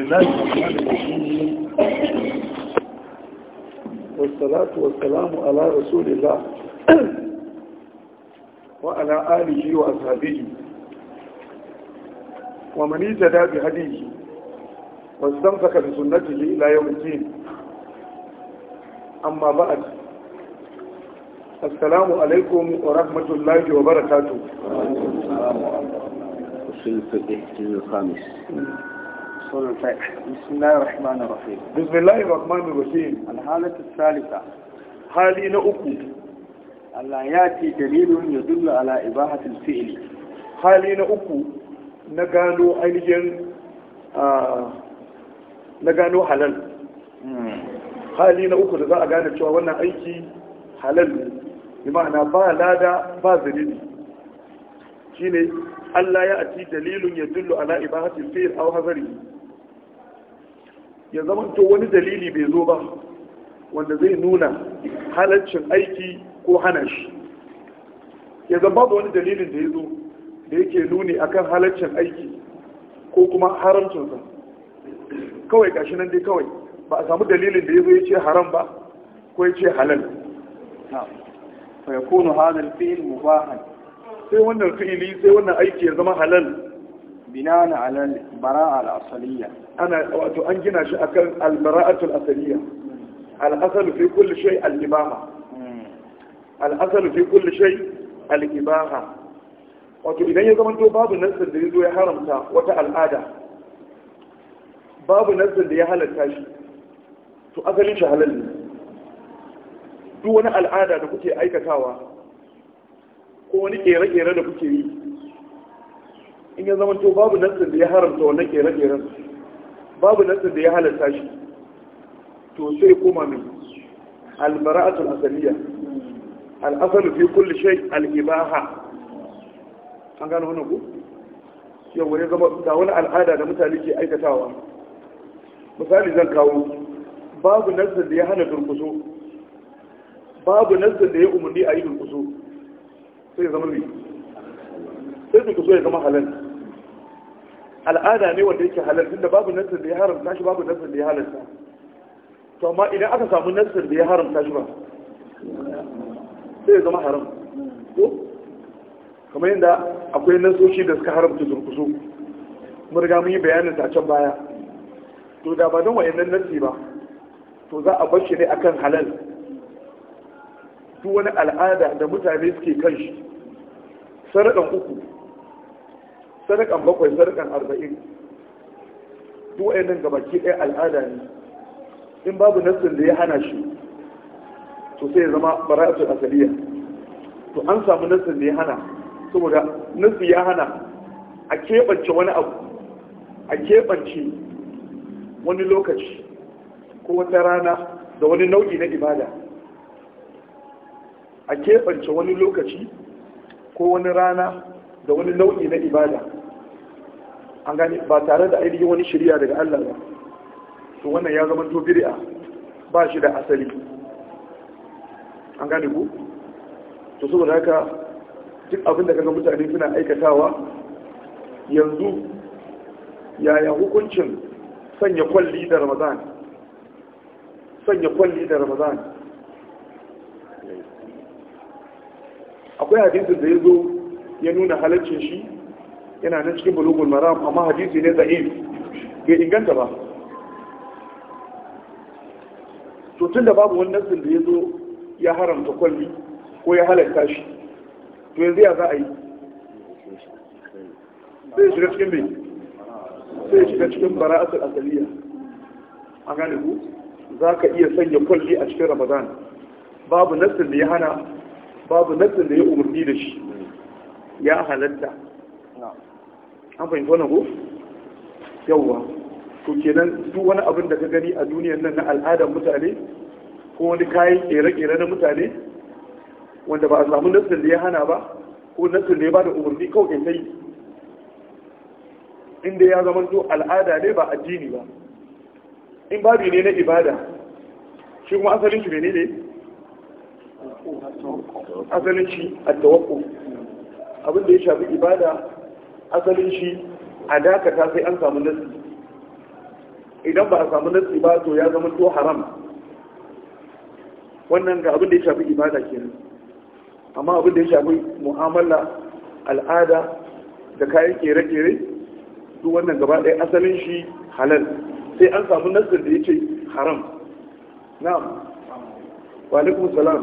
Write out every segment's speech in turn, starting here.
بسم الله الرحمن الرحيم والصلاة والسلام على رسول الله وعلى آله وأصحابه ومن اهتدى بهديه واستمسك بسنته إلى يوم الدين أما بعد السلام عليكم ورحمة الله وبركاته في الفقه الخامس أصول الفقه بسم الله الرحمن الرحيم بسم الله الرحمن الرحيم الحالة الثالثة حالي نأكو ألا يأتي دليل يدل على إباحة الفعل حالي نأكو نقالوا أيجن نقالوا حلال hali na uku da za a gane cewa wannan aiki halal ne bi ma'ana ba lada ba zunubi shine Allah ya ati dalilun ya dullu ala ibahatil fi'l aw hazari ya zama to wani dalili bai zo ba wanda zai nuna halaccin aiki ko hana shi ya zama babu wani dalilin da ya zo da yake nuni akan halaccin aiki ko kuma haramcinsa kawai gashi nan dai kawai ba a samu dalilin da ya zo ya ce haram ba ko ya ce halal fa yakunu hadha al-fi'l mubahan sai wannan fi'ili sai wannan aiki ya zama halal binana alal bara'a al-asaliya ana wato an gina shi akan al-bara'atu al-asaliya al-asal fi kulli shay al-ibaha al-asal fi kulli shay al-ibaha wato idan ya zama to babu nassin da yazo ya haramta wata al'ada babu nassin da ya halatta shi to asalin shi halal ne duk wani al'ada da kuke aikatawa ko wani kere-kere da kuke yi in ya zama to babu nassin da ya haramta wannan kere-keren babu nassin da ya halatta shi to sai koma mai albara'atul asaliya al'asalu fi kulli shay al-ibaha an gano wannan ku yau wani zama ga wani al'ada da mutane ke aikatawa misali zan kawo babu nassin da ya hana durkuso babu nassin da ya umarni a yi durkuso sai zama mai sai durkuso ya zama halal al'ada ne wanda yake halal tunda babu nasir da ya haramta shi babu nasir da ya halarta? to amma idan aka samu nasir da ya haramta shi ba sai ya zama haram ko kamar yadda akwai nasoshi da suka haramta zurkusu mun riga mun yi bayanin ta can baya to da ba don wayannan nasi ba to za a bar shi ne akan halal duk wani al'ada da mutane suke kan shi sarakan uku sadakan bakwai sadakan arba'in duk wayannan gabaki ɗaya al'ada ne in babu nassin da ya hana shi to sai ya zama bara'atul asaliya to an samu nassin da ya hana saboda nassi ya hana a keɓance wani abu a keɓance wani lokaci ko wata rana da wani nau'i na ibada a keɓance wani lokaci ko wani rana da wani nau'i na ibada an gani ba tare da ainihin wani shirya daga Allah ba to wannan ya zama to ba shi da asali an gani ku to saboda haka duk abin da kaga mutane suna aikatawa yanzu yaya hukuncin sanya kwalli da Ramadan sanya kwalli da Ramadan akwai hadisin da ya zo ya nuna halaccin shi yana nan cikin bulugul maram amma hadisi ne da'if bai inganta ba to tun da babu wani nassin da ya zo ya haramta kwalli ko ya halatta shi to yanzu ya za a yi sai shiga cikin bai sai shiga cikin bara'atul asaliya a gane ku za ka iya sanya kwalli a cikin ramadan babu nassin da ya hana babu nassin da ya umarni da shi ya halatta an fahimci wannan ko yawwa to kenan duk wani abin da ka gani a duniyar nan na al'adar mutane ko wani kayan kere-kere na mutane wanda ba a samu nassin da ya hana ba ko nassin da ya ba da umarni kawai in yi inda ya zama to al'ada ne ba addini ba in babu ne na ibada shi kuma asalin shi ne ne asalin shi a tawakko abin da ya shafi ibada asalin shi a dakata sai an samu nasi idan ba a samu nasi ba to ya zama to haram wannan ga abin da ya shafi ibada ke amma abin da ya shafi mu'amala al'ada da kayan kere-kere duk wannan gaba ɗaya asalin shi halal sai an samu nasir da ya ce haram na'am wa alaikum salam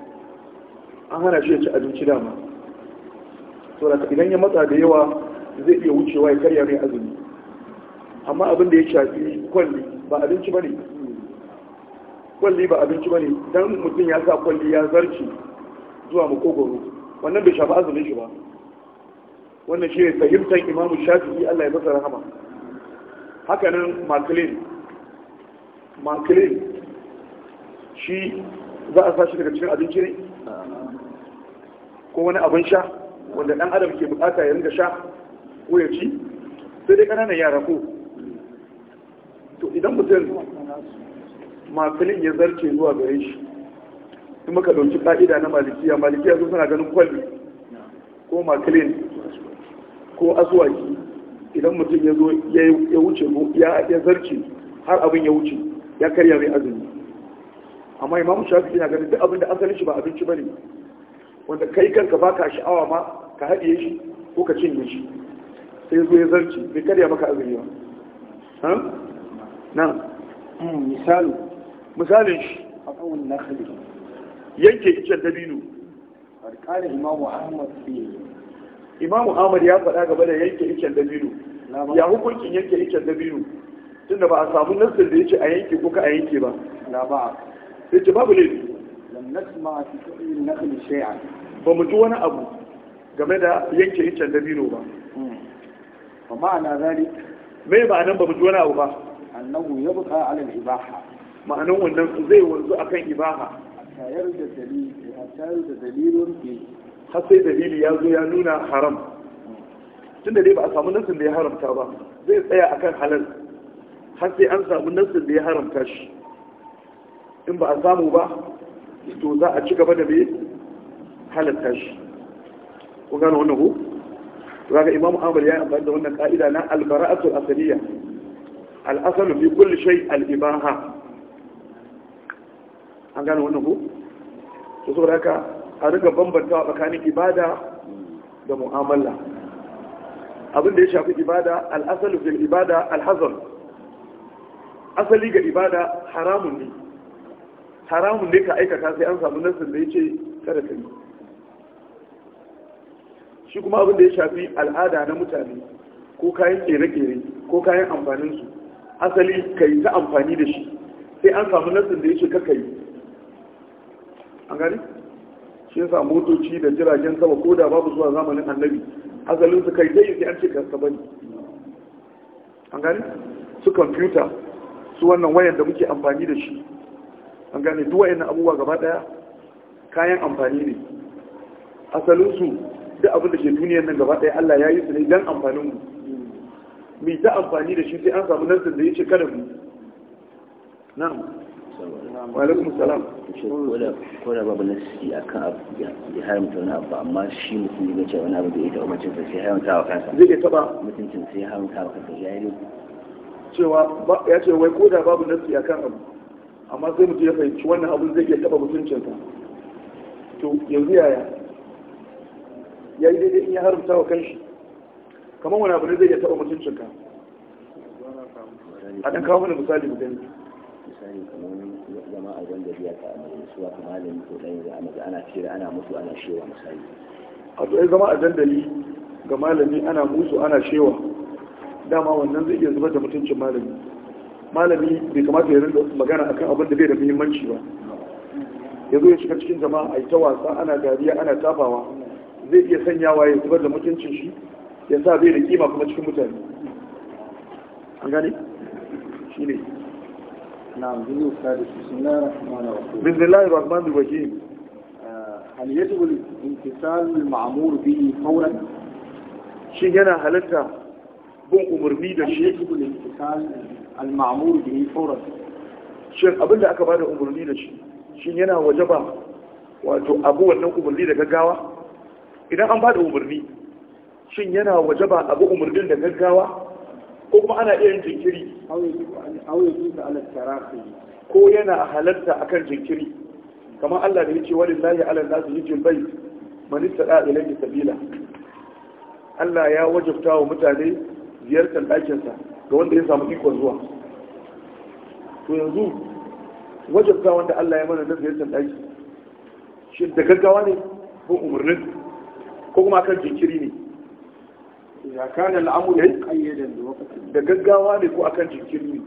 an hana shi ya ci abinci dama da idan ya matsa da yawa zai iya wucewa ya karya mai azumi amma abin da ya shafi kwalli ba abinci bane kwalli ba abinci bane dan mutum ya sa kwalli ya zarci zuwa makogoro wannan bai shafi azumin shi ba wannan shi ne fahimtar imamu shafi'i Allah ya masa rahama Haka nan maklin maklin shi za a sashi daga cikin abinci ne ko wani abin sha wanda ɗan adam ke bukata ya ringa sha ko ya ci sai dai ƙananan yara ko to idan mutum makilin ya zarce zuwa gare shi in muka ɗauki ƙa'ida na malikiya malikiya su suna ganin kwalli ko makilin ko asuwaki idan mutum ya zo ya wuce ya zarce har abin ya wuce ya karya mai azumi amma imam shafi yana ganin duk abin da asali shi ba abinci ba ne. wanda kai kanka ba ka sha'awa ma ka haɗiye shi ko ka cinye shi sai zo ya bai karya maka azumi ba nan hmm, misali misalin shi a tsawon nakali yanke icen dabino alƙali imamu ahmad fi imamu ahmad ya faɗa gaba da yanke icen dabino ya hukuncin yanke icen dabino tunda ba a samu nasir da ya ce a yanke ko ka a yanke ba na ba ya ce babu laifi nasma fi fi'il nakhl shay'an ba mu wani abu game da yanke iccen dabino ba fa ma'ana zalik me nan ba mu ji wani abu ba annahu ya 'ala al-ibaha ma'anan wannan su zai wanzu akan ibaha tayar da dalili tayar da dalilun fi har sai dalili ya zo ya nuna haram tunda dai ba a samu nasin da ya haramta ba zai tsaya a kan halal har sai an samu nasin da ya haramta shi in ba a samu ba to za a ci gaba da bai halatta shi ko gane wannan ku zaka imamu amr ya amfani da wannan ka'ida na albara'atu asaliya al-asalu fi kulli shay al-ibaha an gane wannan ku to saboda haka a riga bambanta wa tsakanin ibada da mu'amala abin da ya shafi ibada al-asalu fil ibada al-hazar asali ga ibada haramun ne haramun ne ka aikata sai an samu nasir da ya ce kada ka yi shi kuma abin da ya shafi al'ada na mutane ko kayan kere-kere ko kayan amfaninsu asali ka yi ta amfani da shi sai an samu nasir da ya ce kaka yi an gani shi samu motoci da jiragen sama ko da babu zuwa zamanin annabi asalin su kai dai sai an ce ka bane an gani su kwamfuta su wannan wayan da muke amfani da shi an gane duk wayannan abubuwa gaba daya kayan amfani ne asalin su duk abin da ke duniyar nan gaba daya Allah ya yi su ne don amfaninmu. mu ta amfani da shi sai an samu nasin da yace kada mu na'am wa alaikum salam ko da babu nasi akan abu ya haramta wani abu amma shi mutum ya ce wani abu da ya taɓa mutum sai haramta wa kansa zai iya taɓa mutuncin sai haramta wa kansa ya yi cewa ya ce wai ko babu babu nasi akan abu amma sai mutum ya fahimci wannan abu zai iya taba mutuncinsa to yanzu yaya ya yi daidai in ya haramta wa kanshi kamar wani abu ne zai iya taba mutuncinka a ɗan kawo mana misali mu gani misali kamar zama a wanda biya ta su suwa kamar malami ko dan yanzu ana ana cire ana mutu ana shewa misali a to zama a dandali ga malami ana musu ana shewa dama wannan zai iya zubar da mutuncin malami malami bai kamata ya rinda magana akan abin da bai da muhimmanci ba ya zo ya shiga cikin jama'a a yi ta wasa ana dariya ana tafawa zai iya sanyawa ya zubar da mutuncin shi ya sa bai da kima kuma cikin mutane an gane shi ne na'am zuru sadu bismillahir rahmanir rahim bismillahir rahmanir rahim eh, hal yajibu al-imtisal al-ma'mur bihi fawran shi yana halatta bin umarni da shi al-ma'mur bihi fawran shin abin da aka bada umarni da shi shin yana wajaba wato abu wannan umarni da gaggawa idan an bada umarni shin yana wajaba abu umarnin da gaggawa ko kuma ana iya yin jinkiri ko yana halarta akan jinkiri kamar Allah da yake wani lahi ala nasu yijil bai man istada ilayhi sabila Allah ya wajabta wa mutane ziyartar sa ga wanda ya samu ikon zuwa to yanzu wajabta wanda Allah ya mana na san ɗaki shi da gaggawa ne ko umarnin ko kuma kan jinkiri ne ya kana al'amuri eh? qayyadan da wakati da gaggawa ne ko akan jinkiri ne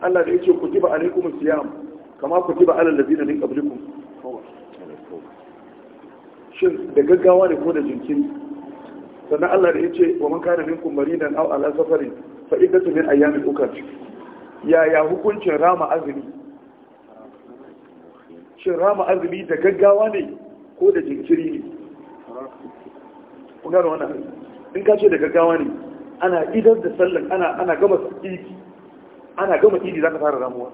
Allah da yake kutiba alaikum siyam kama kutiba alal ladina min qablikum shin da gaggawa ne ko da jinkiri sannan Allah da yake wa man kana minkum maridan aw ala safarin fa iddatu min ayyamin ukar yaya hukuncin rama azumi shin rama azumi da gaggawa ne ko da jinkiri ne gano wannan in ka ce da gaggawa ne ana idar da sallan ana gama idi ana gama idi za ka fara ramuwa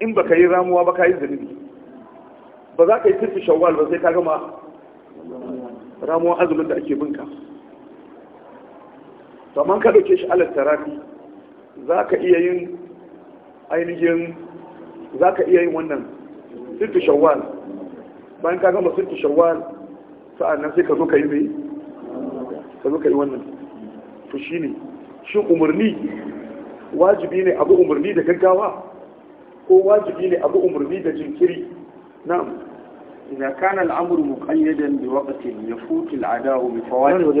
in baka yi ramuwa ba ka yi zunubi ba za ka yi tafi shawwal ba sai ka gama ramuwa azumin da ake binka to amma ka ɗauke shi alal tarafi za ka iya yin ainihin za ka iya yin wannan sittu shawwal bayan ka gama sittu shawwal nan sai ka zo ka yi mai ka zo ka yi wannan to shi ne shi umarni wajibi ne abu umarni da gaggawa ko wajibi ne abu umarni da jinkiri na'am إذا كان الأمر مقيدا بوقت يفوت العداء بفوات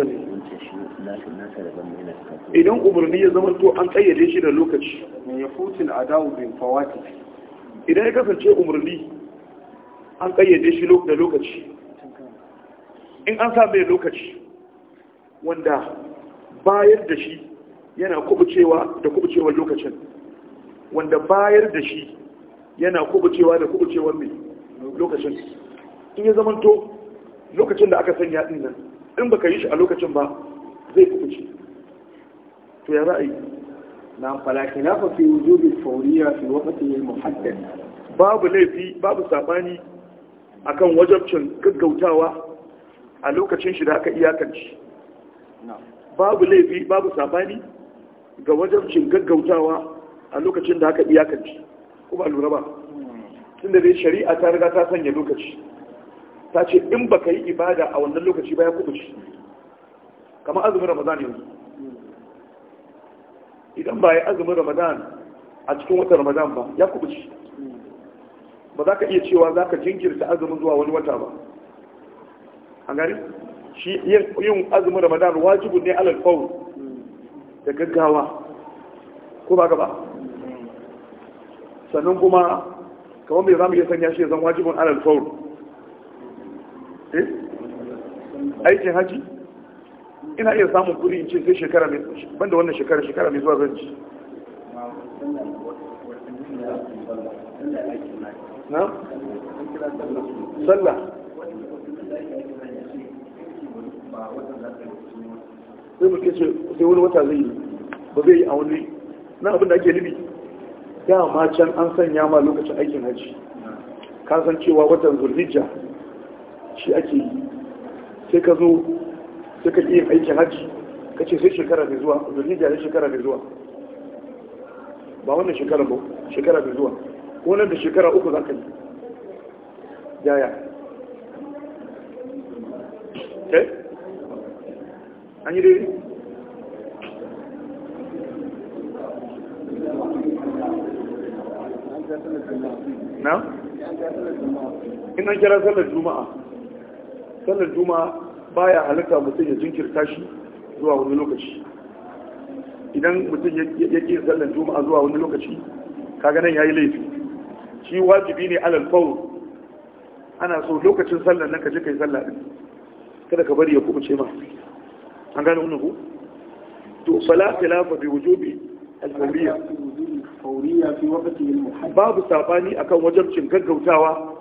إذا أمرني زمرته أن قيد يشير لوكتش من يفوت العداء بفوات إذا يكفل شيء أمرني أن قيد يشير لوكتش إن أنسى بي لوكتش wanda باير دشي shi yana kubucewa da kubucewar lokacin wanda bayar da shi yana kubucewa da kubucewar mai lokacin in ya zamanto lokacin da aka sanya ɗin nan in ba ka yi shi a lokacin ba zai kubuce to ya ra'ayi na falaki na fafi wujubi fauriya fi wakati muhaddad babu laifi babu sabani akan wajabcin gaggautawa a lokacin shi da aka iyakanci babu laifi babu sabani ga wajabcin gaggautawa a lokacin da aka iyakanci kuma lura ba hmm. tun da dai shari'a ta riga ta sanya lokaci ta ce in ba ka yi ibada a wannan lokaci ba ya kubuci kamar azumin ramadan yanzu idan ba ya azumin ramadan a cikin wata ramadan ba ya kubuci ba za ka iya cewa za ka jinkirta azumin zuwa wani wata ba A gani shi yin azumin ramadan wajibu ne alal faul da gaggawa ko ba gaba sannan kuma kamar mai zamu iya sanya shi ya zan wajibin alal faul aikin haji ina iya samun kuri in ce sai shekara mai banda wannan shekara shekara mai zuwa zan ci na? sallah sai mutum ce sai wani wata zai yi ba zai yi a wani na abin da ake ya ma can an sanya ma lokacin aikin haji kasancewa watan zulhijja shi ake yi sai ka zo sai ka iya aikin hajji ka ce sai shekara mai zuwa zurni ne shekara mai zuwa ba wannan shekara ba shekara mai zuwa ko nan da shekara uku za ka yi jaya eh an yi daidai na? in an kira sallar juma'a sallar juma'a baya halitta mutum ya jinkirta shi zuwa wani lokaci idan mutum ya ƙi sallar juma'a zuwa wani lokaci kaga nan ya yi laifi shi wajibi ne alal faul ana so lokacin sallar nan ka je kai sallah din kada ka bari ya ce ma an gane wannan ku to sala khilafa bai wujubi al-fawriya al babu sabani akan wajibcin gaggautawa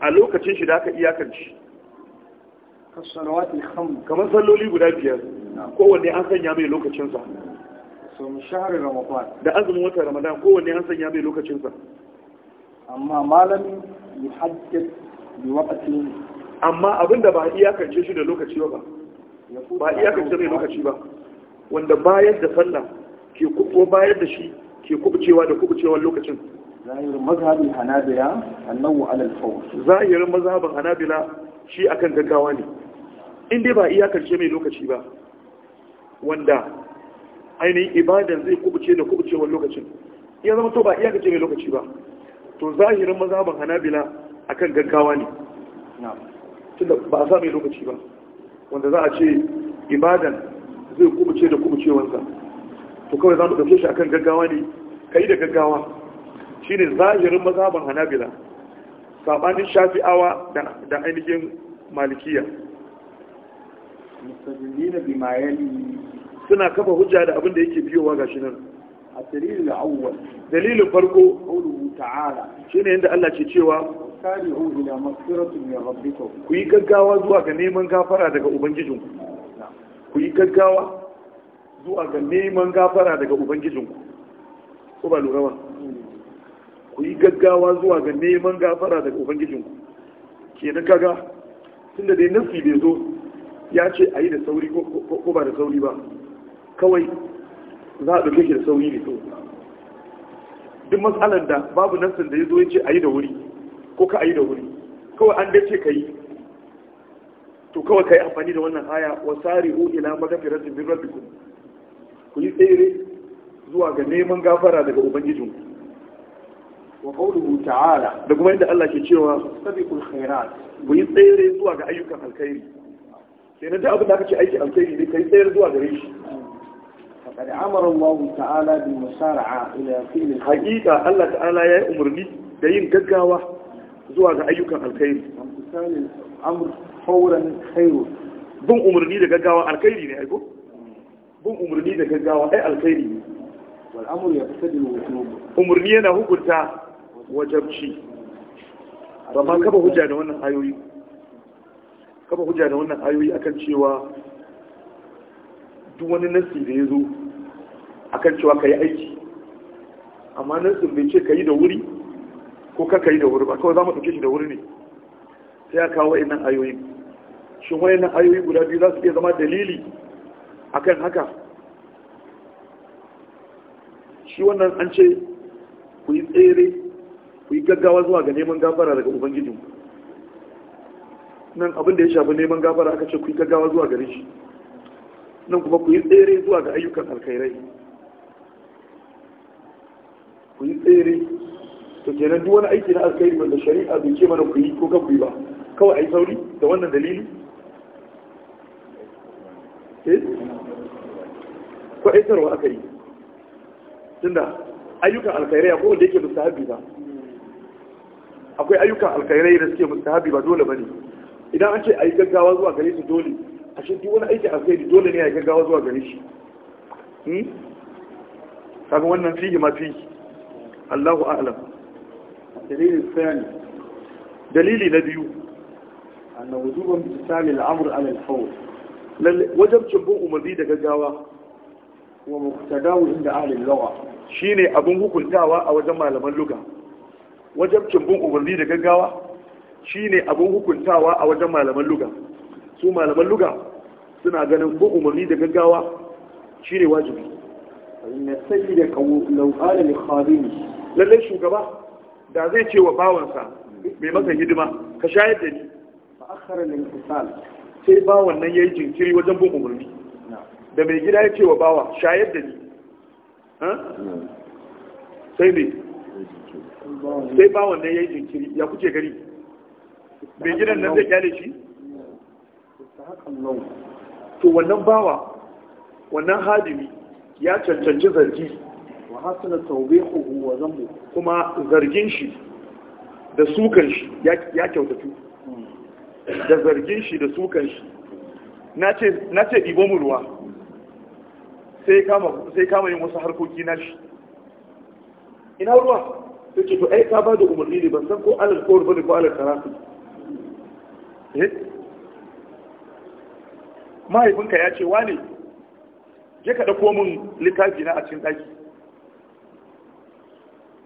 a lokacin shi da aka iyakance kamar salloli guda biyar kowanne an sanya mai lokacinsa da azumin watan ramadan kowanne an sanya mai lokacinsa amma malami yi hajjat yi wakati amma abinda ba iyakance shi da lokaci ba ba iyakance mai lokaci ba wanda bayar da sallah ke kuɓo bayar da shi ke kubucewa da kubucewar lokacin zahirin mazhabin hanabila shi akan gaggawa ne inda ba iya karshe mai lokaci ba wanda ainihin ibadan zai kubuce da kubucewar lokacin iya zama to ba iya karshe mai lokaci ba to zahirin mazaban hanabila akan gaggawa ne tunda ba a sa mai lokaci ba wanda za a ce ibadan zai kubuce da kubucewarsa to kawai za mu ɗauke shi akan gaggawa ne ka yi da gaggawa shi ne zahirin mazaban hanabila saɓanin shafi'awa da ainihin malikiya mustajillina bima yali suna kafa hujja da abin da yake biyowa gashi nan a dalilin awwal dalilin farko qawluhu ta'ala shine yanda Allah ke cewa sari'u ila maghfiratin min rabbikum ku yi gaggawa zuwa ga neman gafara daga ubangijinku ku yi gaggawa zuwa ga neman gafara daga ubangijinku ko ba lura ba ku yi gaggawa zuwa ga neman gafara daga ubangijinku kenan kaga tunda dai nasi bai zo ya ce a yi da sauri ko ba da sauri ba kawai za a ɗauke shi da sauri ne to duk matsalar da babu nassin da ya zo ya ce a yi da wuri ko ka a yi da wuri kawai an dace ka yi to kawai ka yi amfani da wannan haya wa ko ila magafirar min rabbikum ku yi tsere zuwa ga neman gafara daga ubangijin wa qawluhu ta'ala da kuma yadda Allah ke cewa sabiqul khairat ku yi tsere zuwa ga ayyukan alkhairi kenan duk abin da aka ce aiki alkhairi ne kai tsayar zuwa gare shi faqad amara Allah ta'ala bil musara'a ila fi'l haqiqa Allah ta'ala ya yi umarni da yin gaggawa zuwa ga ayyukan alkhairi amr fawran khairu bin umarni da gaggawa alkhairi ne aiko bin umarni da gaggawa ai alkhairi ne wal amru ya al wujub umarni yana hukunta wajabci ba ma kaba hujja da wannan ayoyi kafa hujja da wannan ayoyi akan cewa duk wani nasi da ya zo akan cewa ka yi aiki amma nasin bai ce ka yi da wuri ko ka yi da wuri ba kawai za mu ɗauke shi da wuri ne sai ya kawo nan ayoyi shin nan ayoyi guda biyu za su iya zama dalili akan haka shi wannan an ce ku yi tsere ku yi gaggawa zuwa ga neman gafara daga ubangijinku nan abin da ya shafi neman gafara aka ce ku yi gaggawa zuwa gare shi nan kuma ku yi tsere zuwa ga ayyukan alkhairai ku yi tsere to kenan duk wani aiki na alkhairi wanda shari'a bai ce mana ku yi ko kan ku yi ba kawai ai sauri da wannan dalili eh ai aitarwa aka yi tunda ayyukan alkhairai ko wanda yake mustahabi ba akwai ayyukan alkhairai da suke mustahabi ba dole bane idan an ce a yi gaggawa zuwa gare su dole a shi duk wani aiki da dole ne a yi gaggawa zuwa gare shi hmm? kaga wannan fiye ma fiye Allahu a'lam dalili sani dalili na biyu anna wujuban bisami al'amr ala al-fawr kawo. wajibcin bin umarni da gaggawa wa muqtadawu inda ahli lawa Shi shine abin hukuntawa a wajen malaman luga wajen bin umarni da gaggawa Shi ne abin hukuntawa a wajen malaman luga su malaman luga suna ganin ko umarni da gaggawa Shi ne wajibi inna da kawu law qala li khadimi lalle shugaba da zai ce wa bawansa mai maka hidima ka shayar da ni a akhara lil intisal sai bawan nan yayi jinkiri wajen bin umarni da mai gida ya ce wa bawa shayar da ni sai ne sai bawan nan yayi jinkiri ya kuce gari mai gidan nan zai kyale shi to wannan bawa wannan hadimi ya cancanci zargi wa hasana tawbihu wa zambu kuma zargin shi da sukan shi ya kyautatu da zargin shi da sukan shi na ce ibo mu ruwa sai kama yin wasu harkoki na shi ina ruwa sai ce to ai ta ba da umarni ne ban san ko alal kowar bane ko alal karafi Eh? mahaifinka ya ce wane je ka ɗauko min littafi na a cikin ɗaki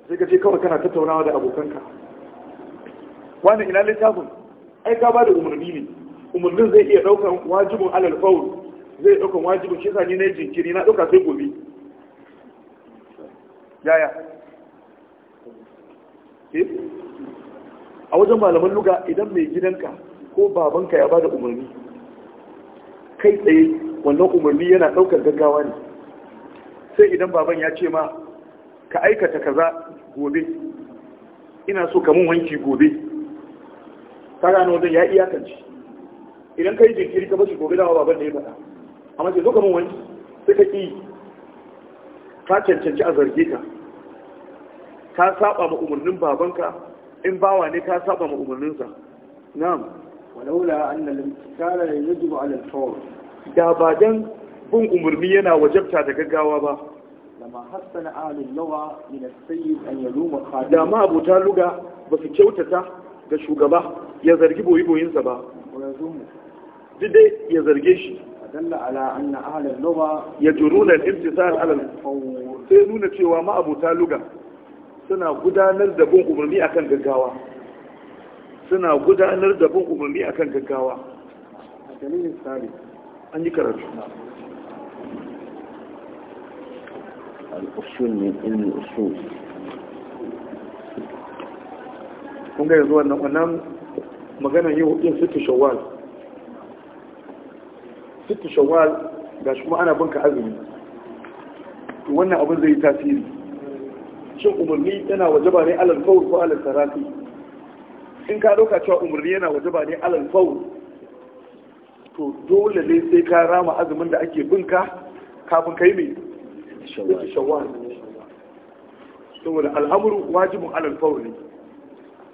sai ka ce kawai kana tattaunawa da abokanka wane ina littafin ai ka ba da umarni ne umarnin zai iya ɗaukar wajibin alal faul zai ɗaukar wajibin shi sani na jinkiri na ɗauka sai gobe yaya eh, a wajen malaman luga idan mai gidanka ko babanka ya bada umarni kai tsaye wannan umarni yana daukar gaggawa ne sai idan baban ya ce ma ka aikata kaza gobe ina so ka mun wanki gobe Ta gano wajen ya iyakanci idan ka yi jinkiri ka bashi gobe dawa baban da ya faɗa amma ce zo ka mun wanki sai ka ƙi ka cancanci a zarge ka ka saba ma umarnin babanka in bawa ne ka saba ma umarninsa na'am ولولا anna الامتثال imtikala yajibu ala al-fawr da ba dan bin umarni yana wajabta da gaggawa ba lama hassana ahlul lugha min as-sayyid an yaluma khadim da ma abuta ba su kyautata ga shugaba ya zargi boyi-boyinsa ba duk dai ya zarge shi dalla ala anna ahlul lugha yajruna al ala al-fawr sai nuna cewa ma abuta suna gudanar da bin umarni akan gaggawa suna gudanar da bin umarni a kan gaggawa an yi karatu al'usul ne ilmi usul kun ga yanzu wannan wannan maganar yi hudun sittu shawwal sittu shawwal ga shi ana banka azumi wannan abin zai tasiri shi umarni yana wajaba ne alal kawul ko alal sarafi in ka ɗauka cewa umarni yana wajaba ne alal faul to dole ne sai ka rama azumin da ake bin ka kafin kai mai shawwal saboda al'amuru wajibin alal faul ne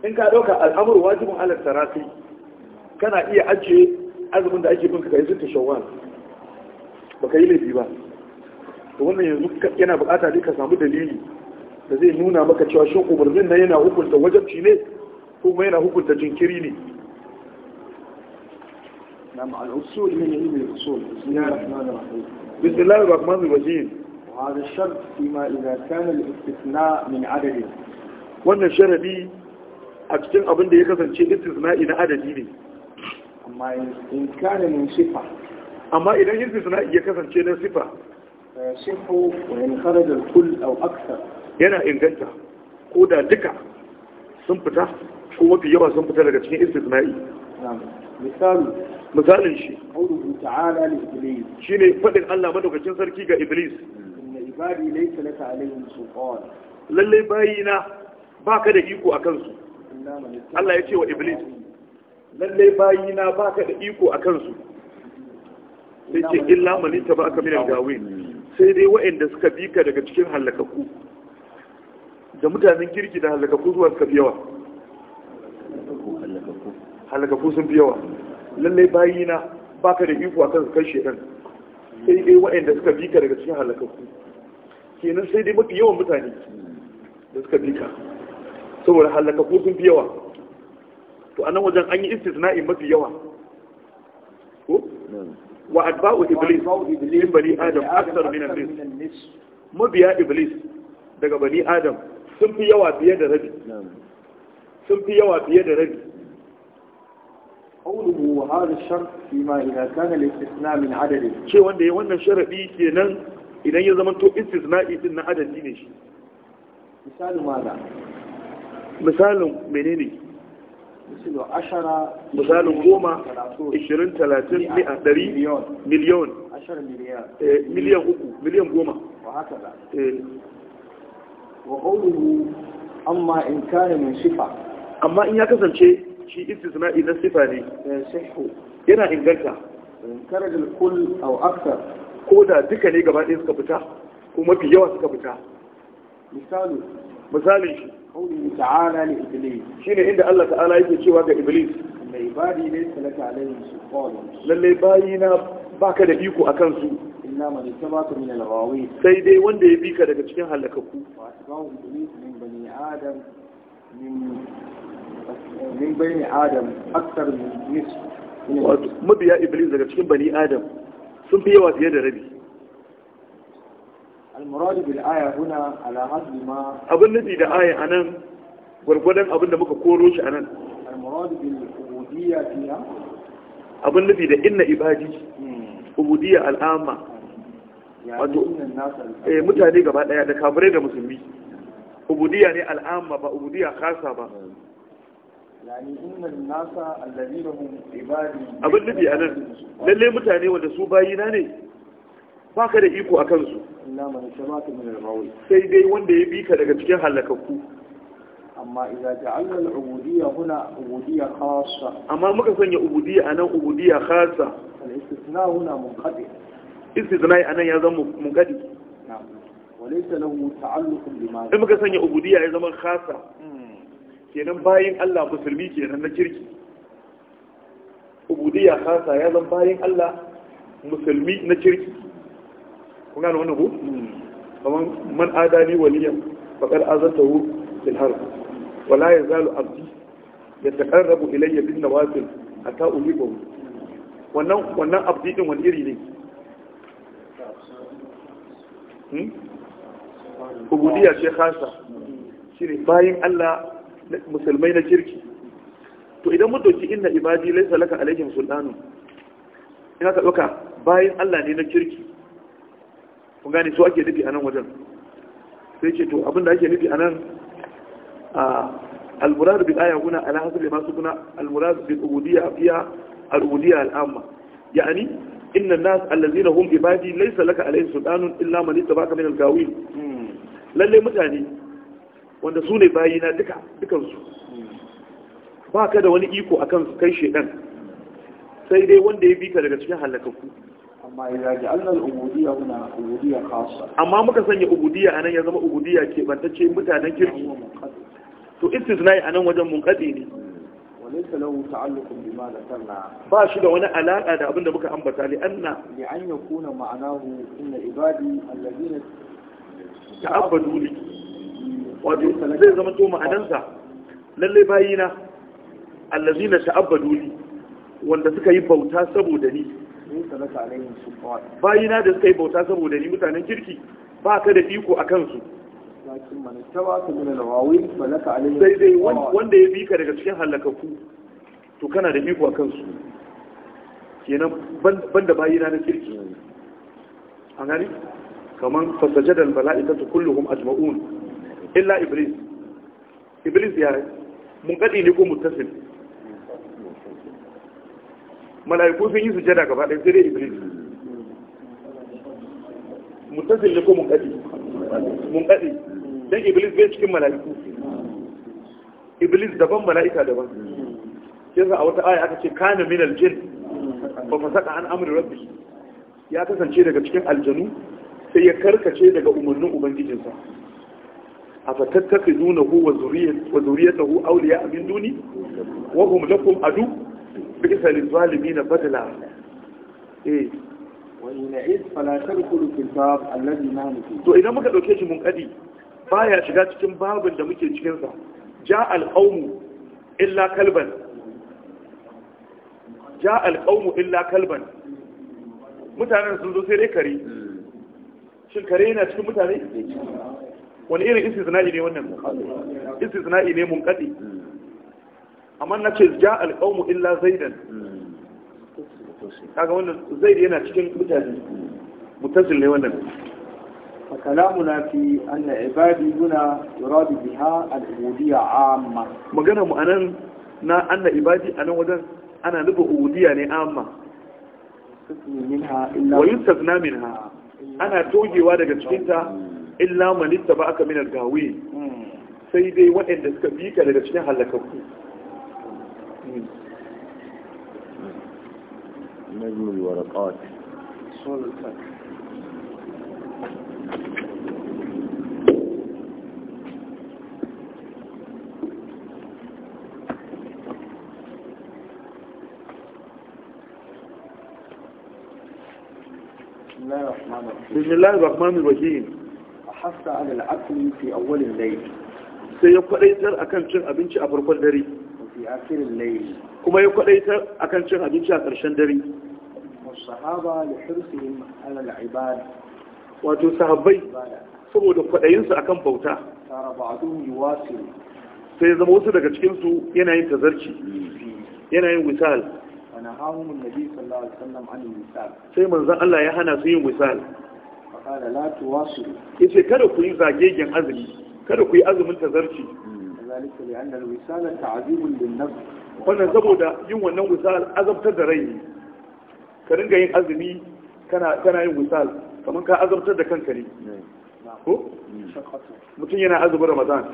in ka ɗauka al'amuru wajibin alal sarati kana iya ajiye azumin da ake bin ka kai zuta shawwal ba ka yi laifi ba to wannan yanzu yana bukata ne ka samu dalili da zai nuna maka cewa shin umarnin na yana hukunta wajabci ne kuma yana hukunta jinkiri ne نعم الأصول من علم الأصول بسم الله الرحمن الرحيم بسم الله الرحمن الرحيم وهذا الشرط فيما إذا كان الاستثناء من عدد وأن الشربي أبتن أبن دي يكسن شيء استثناء إلى عدد لي أما إن كان من صفة أما إذا الاستثناء يكسن شيء من صفة فيصح وإن خرج الكل أو أكثر yana inganta ko da duka sun fita su mafi yawa sun fita daga cikin istisna'i misali misalin shi qawluhu ta'ala li iblis shine fadin Allah madaukakin sarki ga iblis inna ibadi laysa laka alaihim sultan lalle bayina baka da iko akan su Allah ya ce wa iblis lalle bayina baka da iko akan su sai ce illa man tabaka min al-gawin sai dai waɗanda suka bika daga cikin halakaku da mutanen kirki da halakaku zuwa suka yawa halakafu sun fi yawa lallai bayina baka da iko akan kan shedan sai dai waɗanda suka bi ka daga cikin halakafu kenan sai dai mafi yawan mutane da suka bi ka saboda halakafu sun fi yawa to anan wajen an yi istisna'i mafi yawa ko wa adba'u iblis min bani adam akthar min al nas mabiya iblis daga bani adam sun fi yawa fiye da rabi sun fi yawa fiye da rabi وهذا الشرط فيما إذا كان الاستثناء من عدد شيء وانده يوانا شرطي كينان إذا يزمن تو استثناء إذن عدد دينيش مثال ماذا؟ مثال منيني مثال عشرة مثال قومة عشرين ثلاثين مئة دري مليون مليون عشر مليار مليون أكو مليون قومة وهكذا وقوله أما إن كان من صفة أما إن يكسن شيء shi istisna'i na sifa ne yana inganta da kul au aksar ko da duka ne gaba ɗaya suka fita ko mafi yawa suka fita misali misalin shi kauli ta'ala li iblis shine inda Allah ta'ala yake cewa ga iblis mai bari ne salaka alaihi sultan lalle bayi na baka da iko akan su inna man tabaka min al sai dai wanda ya bika daga cikin halakaku wa tabahu iblis min bani adam min min bayni adam akthar min nisf wato mabiya iblis daga cikin bani adam sun fi yawa fiye da rabi al-murad bil aya huna ala hadli ma abin nufi da aya anan gwargwadon abin da muka koro shi anan al-murad bil ubudiyya fiha abin nufi da inna ibadi hmm. ubudiyya al'amma wato eh mutane gaba daya da kafirai da musulmi ubudiyya ne al'amma ba ubudiyya khasa ba hmm. abin nufi a nan lalle mutane wanda su bayina ne ba ka da iko a kansu sai dai wanda ya bi ka daga cikin halakakku amma muka sanya ubudiya a nan ubudiya al-istithna huna munqadi ya zama munqadi in muka sanya ubudiya ya zama khassa kenan bayin Allah musulmi kenan na kirki ubudiyya kasa ya zan bayin Allah musulmi na kirki kun gane wannan ku kaman man adani waliyan faqad azatahu fil harb wala yazalu abdi yataqarrabu ilayya bin nawafil ata uhibu wannan wannan abdi din wani iri ne hmm? ubudiyya ce khasa shine bayin Allah musulmai na kirki to idan mun inna ibadi laysa laka alaihim sultanu ina ka dauka bayan Allah ne na kirki kun gane so ake nufi anan wajen sai ce to abinda ake nufi a nan al-murad bil aya guna ala hasbi ma su guna al-murad bil ubudiyya fiya al-ubudiyya al-amma yani inna an-nas allazina hum ibadi laysa laka alaihim sultanun illa man ittaba'aka min al-gawin hmm. lalle mutane wanda su ne bayina dukansu ba ka da wani iko a kansu kai shedan sai dai wanda ya bi ka daga cikin halakakku amma ya ji annal ubudiyya muna ubudiyya khassa amma muka sanya a nan ya zama ubudiyya ke bantacce mutanen kirki to na yi a nan wajen munqati ne walaysa lahu ta'alluqun da dhakarna ba shi da wani alaƙa da abinda muka ambata li anna li an yakuna ma'anahu inna ibadi alladhina ta'abbadu li wato zai zama to ma'anansa lallai bayina allazi na ta'abbadu li wanda suka yi bauta saboda ni bayina da suka yi bauta saboda ni mutanen kirki ba ka da iko a kansu sai dai wanda ya bi ka daga cikin halakaku to kana da iko a kansu kenan da bayina na kirki an gani kamar fasajadar bala'ikatu kulluhum ajma'un illa iblis iblis ya yi mun kaɗi ne ko mutasil mala'iku sun yi sujada gaba ɗaya sai dai iblis mutasil ne ko mun kaɗi mun kaɗi dan iblis bai cikin mala'iku iblis daban mala'ika daban yasa a wata aya aka ce kana min aljin fa fasaka an amri rabbi ya kasance daga cikin aljanu sai ya karkace daga umarnin ubangijinsa أفتتخذونه وذريته أولياء من دوني وهم لكم عدو بئس للظالمين بدلا إيه وإن عيد فلا تدخل في الباب الذي نحن فيه تو إذا ما shi mun kadi, baya shiga cikin babin da muke cikinsa ja alƙaunmu illa kalban illa kalban mutanen sun zo sai dai kare shin kare yana cikin mutane wani irin istisna'i ne wannan istisna'i ne mun kadi amma nace ja alqawmu illa zaidan ga wannan zaid yana cikin mutane mutazil ne wannan fa kalamuna fi anna ibadi guna yurad biha al-ubudiyya amma magana mu anan na anna ibadi a nan wajen ana nufin ubudiyya ne amma wa yustazna ha? ana togewa daga cikinta. illa manitta ba aka minar gawe sai dai waɗanda suka bi ka daga cikin halakakku نجم الورقات سلطة بسم الله الرحمن الرحيم وحث على الأكل في أول الليل sai ya kwadaitar akan cin abinci a farkon dare kuma ya kwadaitar akan cin abinci a ƙarshen dare wato sahabbai saboda kwadayinsu akan bauta sai ya zama wasu daga cikinsu yanayin tazarci yanayin wisal sai manzan Allah ya hana su yin wisal فقال لا تواصلوا يجي كذا كوي زاجيجن عزمي كذا كوي عزمن تزرشي ذلك لأن الوصال تعظيم للنفس wannan saboda yin wannan wisal azabtar da rai ka ringa yin azumi kana yin wisal kamar ka azabtar da kanka ne ko mutum yana azumin ramadan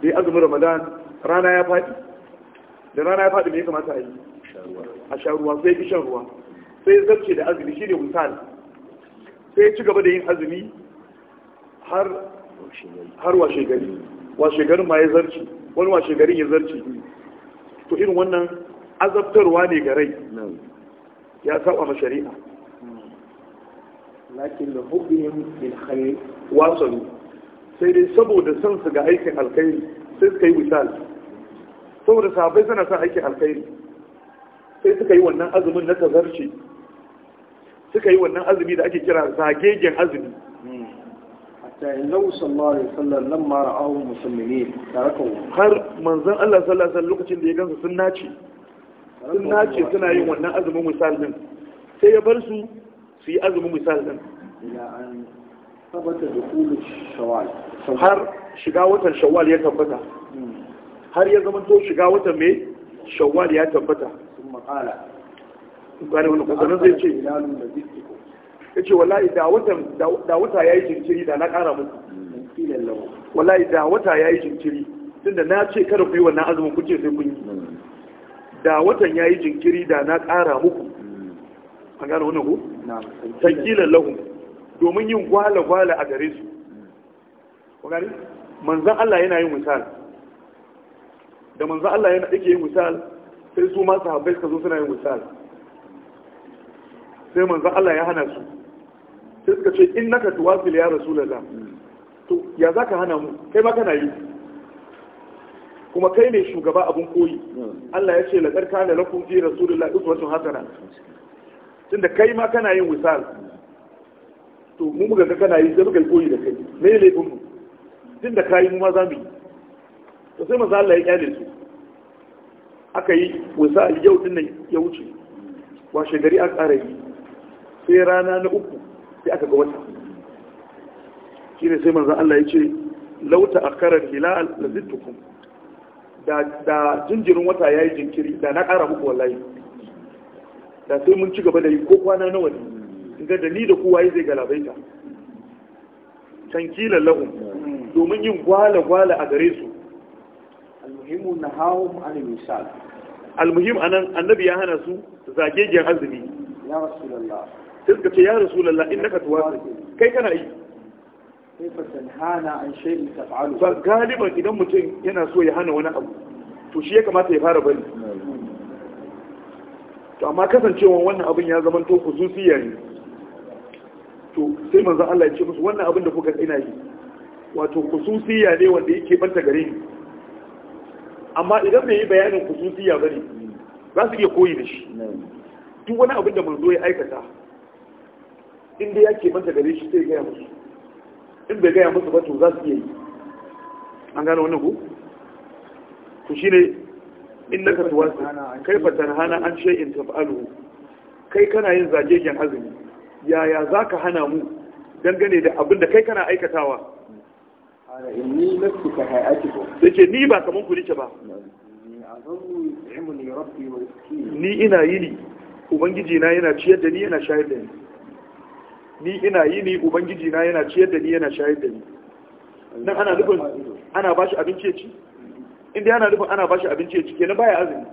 da ya azumin ramadan rana ya faɗi da rana ya faɗi me ya kamata a yi a sha ruwa sai ki shan ruwa sai zarce da azumi shi ne wisal sai ya ci gaba da yin azumi har har washe gari washe garin ma ya zarci wani washe garin ya zarci to irin wannan azabtarwa ne ga rai ya saba ma shari'a lakin da hukumin bil khair wasalu sai dai saboda son su ga aikin alkhairi sai suka yi misali saboda sabai suna son aikin alkhairi sai suka yi wannan azumin na tazarci suka yi wannan azumi da ake kira zagegen azumi hatta sallallahu alaihi har manzon Allah sallallahu alaihi lokacin da ya gansu sun nace sun nace suna yin wannan azumin misal sai ya bar su su yi azumin misal din tabbata har shiga watan shawwal ya tabbata hmm. har ya zama to shiga watan mai shawal ya tabbata sun maƙala gane wani kokarin zai ce ya ce wallahi da wata ya yi jinkiri da na kara muku wallahi da wata ya yi jinkiri da na ce kada ku yi wannan azumin kuke sai kun yi da watan ya yi jinkiri da na kara muku A gane wani ku? tankilan lahu domin yin gwale-gwale a gare su manzan Allah yana yin misal da manzan Allah yana ake yin misal sai su masu haɓai suka zo suna yin misal sai manzan Allah ya hana su sai suka ce in naka tuwasil ya rasulallah to ya za ka hana mu kai ma kana yi kuma kai ne shugaba abun koyi Allah ya ce laƙar kana lakum fi rasulillah uswatun hasana tunda kai ma kana yin wisal to mu muka ga kana yi sai koyi da kai me ne mu tunda kai mu ma za mu yi to sai manzo Allah ya kyale su aka yi wisal yau din nan ya wuce washe gari a ƙara yi sai rana na uku sai aka ga wata shi ne sai manzan Allah ya ce lauta a karar hilal da zittukun da jinjirin wata ya yi jinkiri da na ƙara muku wallahi da sai mun ci gaba da yi ko kwana nawa ne ga da ni da kowa zai galabaita tankilan lahun domin yin gwale-gwale a gare su almuhimu na hawon alimisal almuhim nan, annabi ya hana su zagegen azumi ya rasu lallah sai suka ce ya rasulullah innaka tuwasi kai kana yi ba galiban idan mutum yana so ya hana wani abu to shi ya kamata ya fara bari to amma kasancewa wannan abin ya zama to ku zuciya ne to sai manzo Allah ya ce musu wannan abin da kuka ina yi wato kususiya ne wanda yake banta gare ni amma idan bai yi bayanin kususiya bane za su iya koyi da shi duk wani abin da manzo ya aikata in dai ke mata gare shi sai gaya musu in bai gaya musu ba to za su iya yi an gane wannan ku shi ne. in naka su? kai fatan hana an tafi taf'aluhu kai kana yin zagegen azumi yaya za ka hana mu dangane da abin da kai kana aikatawa da ce ni ba kamar ku nike ba ni ina yi ni ubangiji na yana ciyar da ni yana shayar da ni ni ina yi ni ubangiji na yana ciyar da ni yana shayar da ni nan ana nufin ana bashi abinci ya ci inda yana nufin ana bashi abinci ya ci kenan baya azumi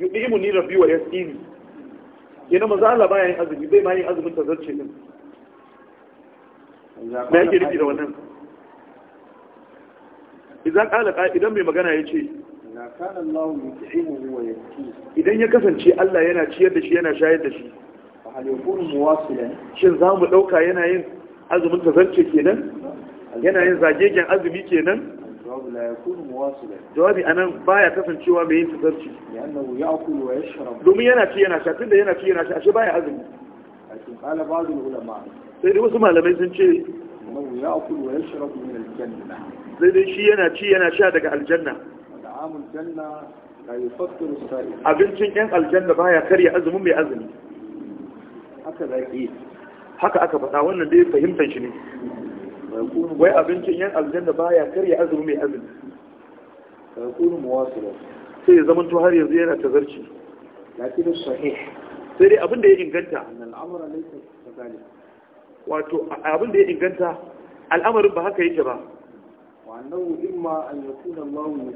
yudimu ni rabbi wa yasini kenan manzo Allah baya yin azumi bai ma yin azumin tazarce din me yake nufi da wannan idan alaka idan mai magana ya ce idan ya kasance Allah yana ciyar da shi yana shayar da shi هل يكون مواصلا شن زام لو كان ين أزم تفرش كنن ين ين زاجج أزم يكنن الجواب لا يكون مواصلا جواب أنا بايا كفن شو ما بين تفرش لأنه يأكل ويشرب لو مين أنا كي أنا شاكل لي أنا كي أنا شاكل شو بايا أزم لكن قال بعض العلماء سيد وسمع لما يزن شيء أنه يأكل ويشرب من الجنة سيد شي أنا شي أنا شادك على الجنة طعام الجنة لا يفطر السائل أبنتين أن الجنة بايا كري أزم بي haka za ki haka aka faɗa wannan dai fahimtar shi ne wai abincin yan aljanna ba ya karya azumi mai azumi kunu muwasila sai ya zamanto har yanzu yana ta tazarci lakin sahih sai dai abin da ya inganta al'amara laysa kadhalik wato abin da ya inganta al'amarin ba haka yake ba Wa wannan imma an yakuna Allah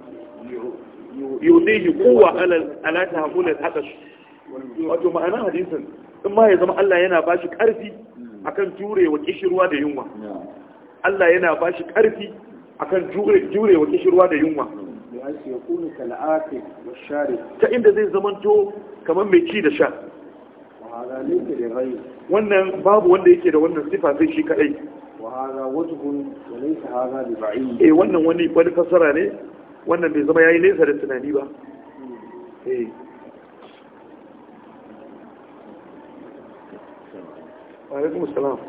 yunihi quwwa ala ala tahmul al-haqq wato ma'anar hadisin in ma ya zama Allah yana ba shi ƙarfi akan jurewa kishirwa da yunwa Allah yana ba shi ƙarfi akan jurewa kishirwa da yunwa ta inda zai zamanto kamar mai ci da sha wannan babu wanda yake da wannan sifa sai shi kadai eh wannan wani wani ne wannan bai zama ya yi nesa da tunani ba eh. alaikum assalam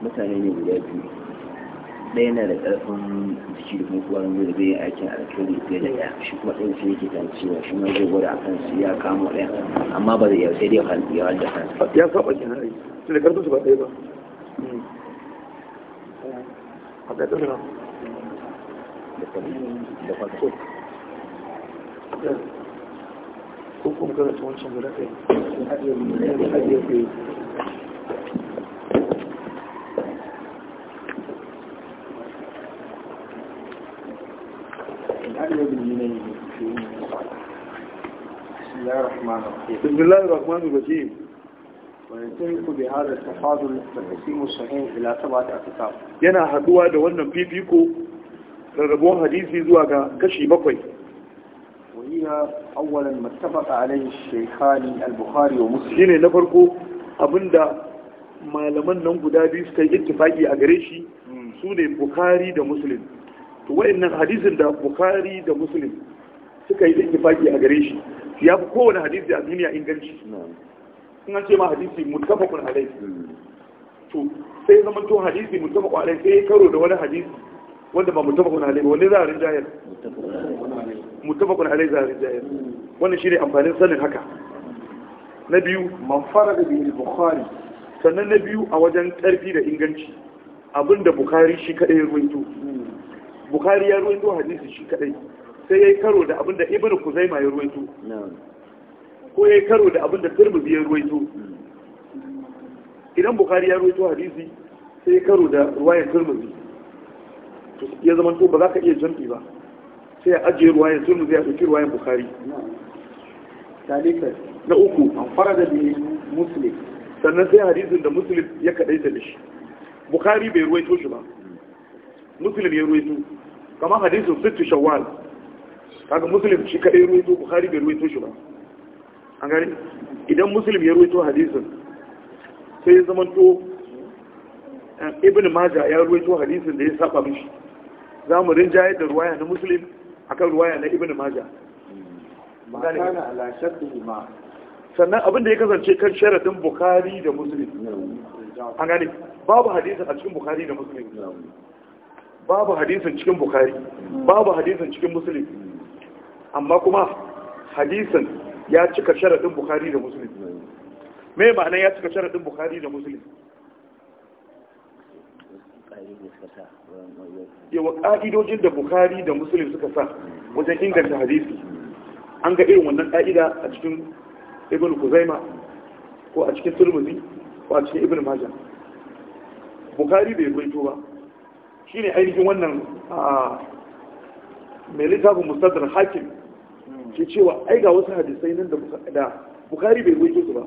mutane ne guda biyu ɗaya na da ƙarfin jiki da kuma da zai yi aikin alkhairi fiye da ɗaya shi kuma ɗaya sai yake kan cewa shi ma zai gwada akan su ya kama ɗaya amma ba zai yau sai dai kan ya wanda kan ya saba kenan ai su da ƙarfin su ba ɗaya ba a ɗaya ɗaya da farko ko kuma kana tuwancin guda ɗaya بسم الله الرحمن الرحيم وينتهك بهذا التفاضل التقسيم الصحيح إلى سبعة أقسام yana haduwa da wannan fifiko rarrabuwan hadisi zuwa ga kashi bakwai وهي أولا ما اتفق عليه الشيخان البخاري ومسلم شيني na farko abinda malaman nan guda biyu suka yi ittifaki a gare shi hmm. su ne Bukhari da Muslim to wayannan hadisin da Bukhari da Muslim suka yi a gare ya fi kowane hadisi a duniya inganci in an ce ma hadisi mutafakun alai to sai zama to hadisi mutafakun alai sai karo da wani hadisi wanda ba mutafakun alai wani za a rinjayar mutafakun alai za a rinjayar wannan shi ne amfanin sanin haka na biyu man fara da biyu bukhari sannan na biyu a wajen karfi da inganci abinda bukhari shi kadai ya ruwaito bukhari ya ruwaito hadisi shi kadai sai ya yi karo da abin da ku zai ya ruwaito ko ya yi karo da abin da turmuzi ya ruwaito idan bukari ya ruwaito hadisi sai ya karo da ruwayan turmuzi ya zama to ba za ka iya jamfi ba sai ya ajiye ruwayan turmuzi a ɗauki ruwayan bukari na uku an fara da muslim sannan sai hadisin da muslim ya kaɗai da shi bukari bai ruwaito shi ba muslim ya ruwaito kamar hadisin sittu shawwal kaga muslim shi kadai ruwaito bukhari bai ruwaito shi ba an gani idan muslim ya ruwaito hadisin sai ya zamanto eh, ibn maja ya ruwaito hadisin da ya saba mishi za mu rinjaye da ruwaya na muslim akan ruwaya na ibn maja sannan abin da ya kasance kan sharadin bukhari da muslim an gani? babu hadisin a cikin bukhari da muslim babu hadisin cikin bukhari babu hadisin cikin muslim amma kuma hadisin ya cika sharaɗin bukhari da musulun, mai ma'ana ya cika sharaɗin bukhari da muslim yawa ƙa'idojin da bukhari da musulun suka sa wajen inganta hadisi an ga irin wannan ƙa'ida a cikin ibn kuzaima ko a cikin turmuzi ko a cikin ibn majan bukhari bai to ba shine ainihin wannan ah, mai littafin mustadar hakim ke cewa ai ga wasu hadisai nan da bukari bai goge su ba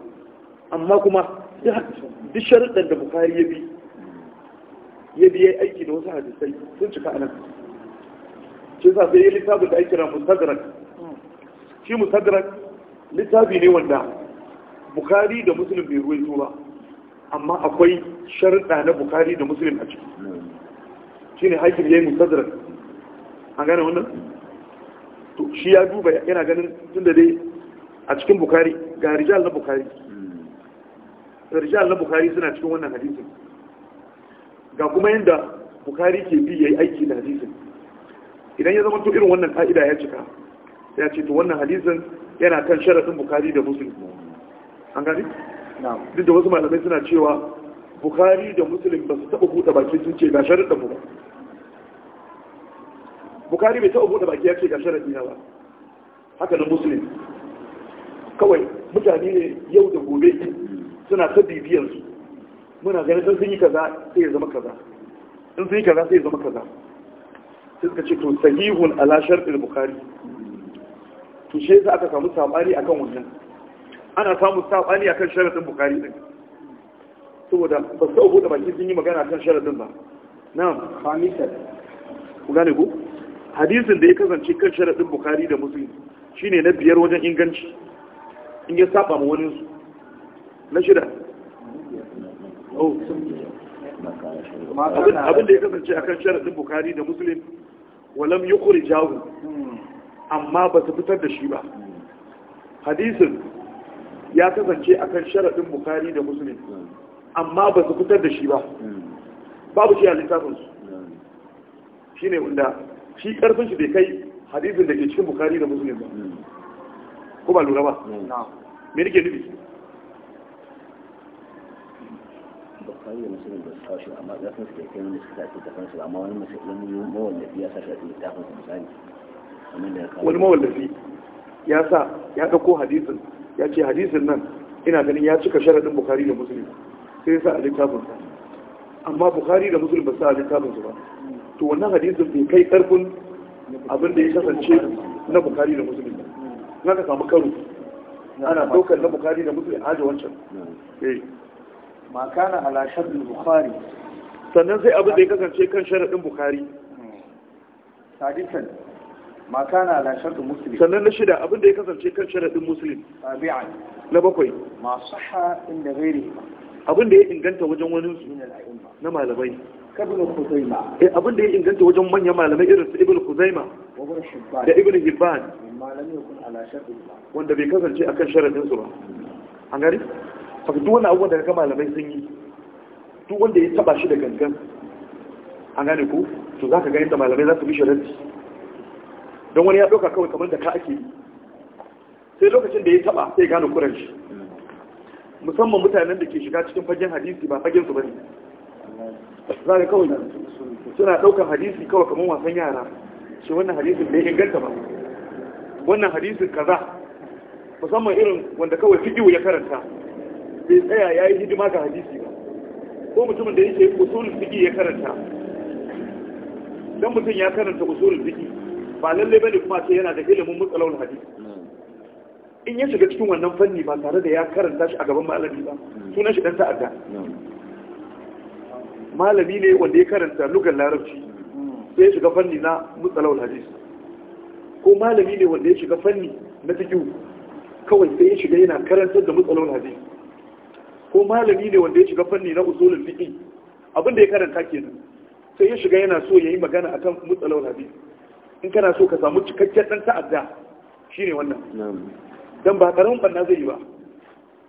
amma kuma duk sharuɗan da bukari ya bi ya bi aiki da wasu hadisai sun cika anan shi sa sai ya littafin da ake kira mustadrak shi mustadrak littafi ne wanda bukari da musulun bai ruwaito ba amma akwai sharuɗa na bukari da musulun a ciki shine hakim yayin mustadrak an gane wannan to shi ya duba yana ganin tunda dai a cikin bukari ga rijal na bukari hmm. rijal na bukari suna cikin wannan hadisin ga kuma yadda bukari ke bi ya yi aiki da hadisin idan ya zama to irin wannan ka'ida ya cika ya ce to wannan hadisin yana kan sharafin bukari da muslim an gani duk da wasu malamai suna cewa bukari da muslim ba su taɓa buɗe baki sun ce ga sharaɗin mu ba bukari bai taɓa buɗe baki ya ce ga sharadi na ba haka na musulun kawai mutane ne yau da gobe suna ta bibiyar su muna ganin sun yi kaza sai ya zama kaza sun sun yi kaza sai ya zama kaza sai suka ce to sahihun ala sharɗin bukari to shi yasa aka samu sabani akan wannan ana samun sabani akan sharaɗin bukari din saboda ba su buɗe baki sun yi magana kan sharaɗin ba na'am hamisa ku gane ku hadisin da ya kasance kan sharaɗin bukari da shi shine na biyar wajen inganci in ya saba ma wani su na shida oh. abin da ya kasance a kan sharaɗin bukari da musulmi walam yi kuri jawo amma ba su fitar da shi ba hadisin ya kasance a kan sharaɗin bukari da musulmi amma ba su fitar da shi ba babu shi a littafinsu shi ne wanda shi karfin shi bai kai hadisin da ke cikin bukari da musulun ba hmm. ko ba lura ba hmm. me nake nufi bukari da musulun ba su kawo shi amma zafin su kai wani suka tafi da kansu amma wani musulun mawallafi ya sa shi a cikin littafin su misali wani mawallafi ya sa ya ɗauko hadisin ya ce hadisin nan ina ganin ya cika sharaɗin bukari da musulun sai ya sa a littafin amma bukari da musulun ba su sa a littafin su ba to wannan hadisin bai kai karfin abin da ya kasance na bukari da musulmi na ka samu karo ana daukar na bukari da musulmi aje wancan eh. ma kana ala da bukari sannan sai abin da ya kasance kan sharaɗin bukari sadisan ma kana ala sharɗin musulmi sannan na shida abin da ya kasance kan sharaɗin musulmi na bakwai ma sahha inda gairi abin da ya inganta wajen wani na malamai kabin Khuzaima eh abin da ya inganta wajen manyan malamai irin su Ibn Khuzaima da Ibn Hibban wanda bai kasance akan sharadin su ba an gari fa duk wannan abubuwan da ga malamai sun yi duk wanda ya taba shi da gangan an gane ku to zaka ga yadda malamai za su bi sharadi don wani ya ɗauka kawai kamar da ka ake yi sai lokacin da ya taba sai gane kuran shi musamman mutanen da ke shiga cikin fagen hadisi ba fagen su bane za ka kawai suna ɗaukar hadisi kawai kamar wasan yara shi wannan hadisin bai inganta ba wannan hadisin kaza musamman irin wanda kawai fiƙiwu ya karanta bai tsaya ya yi hidima ga hadisi ba ko mutumin da yake usulun fiƙi ya karanta don mutum ya karanta usulun fiƙi ba lallai bane kuma ce yana da ilimin matsalolin hadisi in ya shiga cikin wannan fanni ba tare da ya karanta shi a gaban malami ba sunan shi dan ta'adda malami ne wanda ya karanta lugar larabci sai ya shiga fanni na mutsalawar hadis ko malami ne wanda ya shiga fanni na fikihu kawai sai ya shiga yana karantar da mutsalawar hadis ko malami ne wanda ya shiga fanni na usulun Fiƙi, abin da ya karanta kenan sai ya shiga yana so ya yi magana akan mutsalawar hadis in kana so ka samu cikakken dan ta'adda shine wannan dan ba karamin banna zai yi ba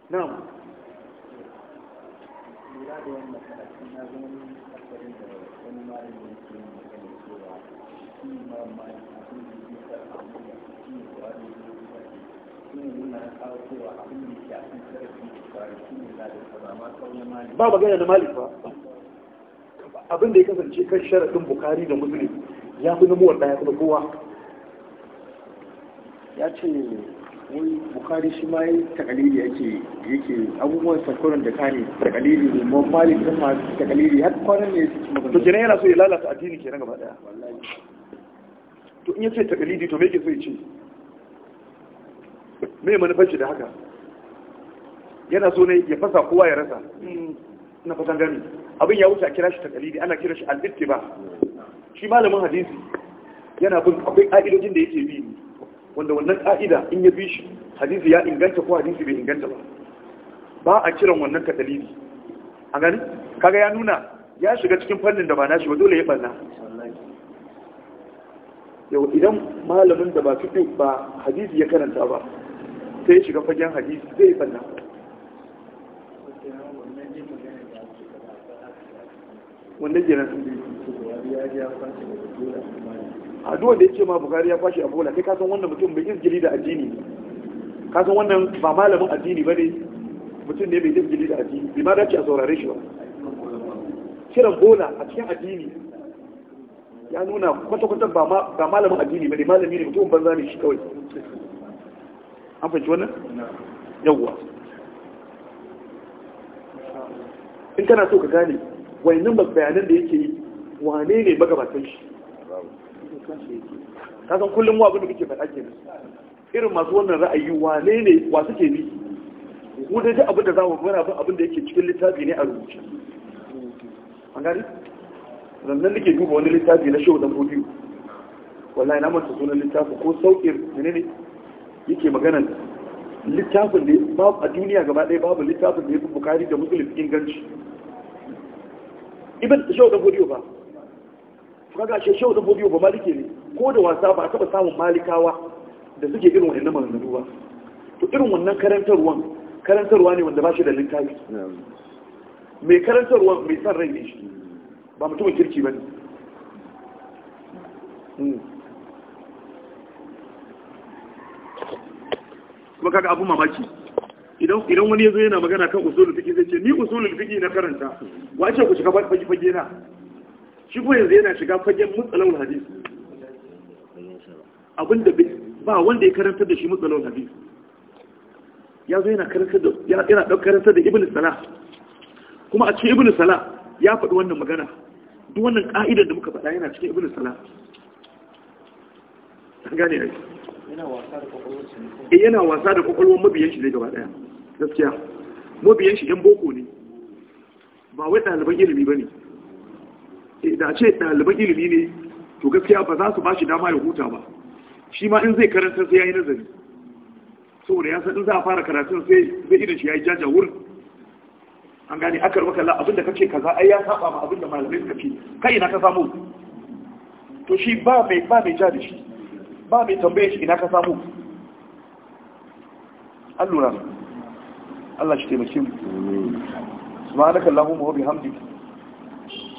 na'am ba magana da malik ba abin da ya kasance kan sharaɗin bukari da musulun ya fi namuwar ɗaya kuma kowa ya ce wani bukari shi ma takaliri yake yake abubuwan sakuran da kani takaliri ne mu malik da ma takalili har kwanan ne to kenan yana so ya lalata addini kenan gaba daya to in yace takaliri to me yake so ya ce me manufar shi da haka yana so ne ya fasa kowa ya rasa na fasan gani abin ya wuce a kira shi takaliri ana kira shi al-ittiba shi malamin hadisi yana bin akwai ka'idojin da yake bi wanda wannan ka'ida in ya bi shi hadisi ya inganta ko hadisi bai inganta ba ba a kiran wannan ka dalili a gani kaga ya nuna ya shiga cikin fannin da ba nashi ba dole ya banna yau idan malamin da ba fiqh ba hadisi ya karanta ba sai ya shiga fagen hadisi zai barna wanda da nan duwa da ya ce ma bukari ya bashi a bola kai ka san wannan mutum bai izgili da addini ka san wannan ba malamin addini ba ne mutum ne bai izgili da addini bai ma dace a saurare shi ba kiran bola a cikin addini ya nuna kwata-kwata ba malamin addini ba ne malami ne mutum banza ne shi kawai an fahimci wannan yawwa in kana so ka gane wayannan bayanan da yake yi wane ne magabatan shi ka san kullum wa abin da muke faɗa kenan irin masu wannan ra'ayi wane ne wa suke bi mu dai abin da zamu muna bin abin da yake cikin littafi ne a rubuce an gani zannan nake duba wani littafi na shehu dan bodiyo wallahi na manta sunan littafi ko sauƙin menene yake magana littafin da babu a duniya gaba ɗaya babu littafin da ya fi bukari da musulun inganci ibn shehu dan bodiyo ba kaga shi shehu da bodiyo ba malike ne ko da wasa ba taba samun malikawa da suke irin wannan manzuru ba to irin wannan karantarwa karantarwa ne wanda ba shi da littafi mai karantarwa mai san rai ne shi ba mutumin kirki ba ne hmm. kuma kaga abun mamaki idan wani ya zo yana magana kan usulul fiqi zai ce ni usulul fiqi na karanta wace ku shiga fage na shi ko yanzu yana shiga fagen mutsalawul hadis abinda ba wanda ya karanta da shi mutsalawul hadis ya zo yana karanta da yana karanta da ibnu salah kuma a cikin ibnu salah ya faɗi wannan magana duk wannan ka'idar da muka faɗa yana cikin ibnu salah an gane ai yana wasa da kwakwalwar eh, mabiyan shi ne gaba daya gaskiya mabiyan shi yan boko ne ba wai ɗaliban ilimi ba ne da ce ɗaliban ilimi ne to gaskiya ba za su ba shi dama ya huta ba shi ma in zai karanta sai ya yi nazari saboda ya san in za a fara karatun sai zai irin shi ya yi jaja wurin an gani akar maka la abinda kake kaza ai ya saba ma abinda malamai suka fi, kai ina ka samu to shi ba mai ba mai ja da shi ba mai tambaye shi ina ka samu an lura Allah shi taimake mu subhanakallahumma wa bihamdika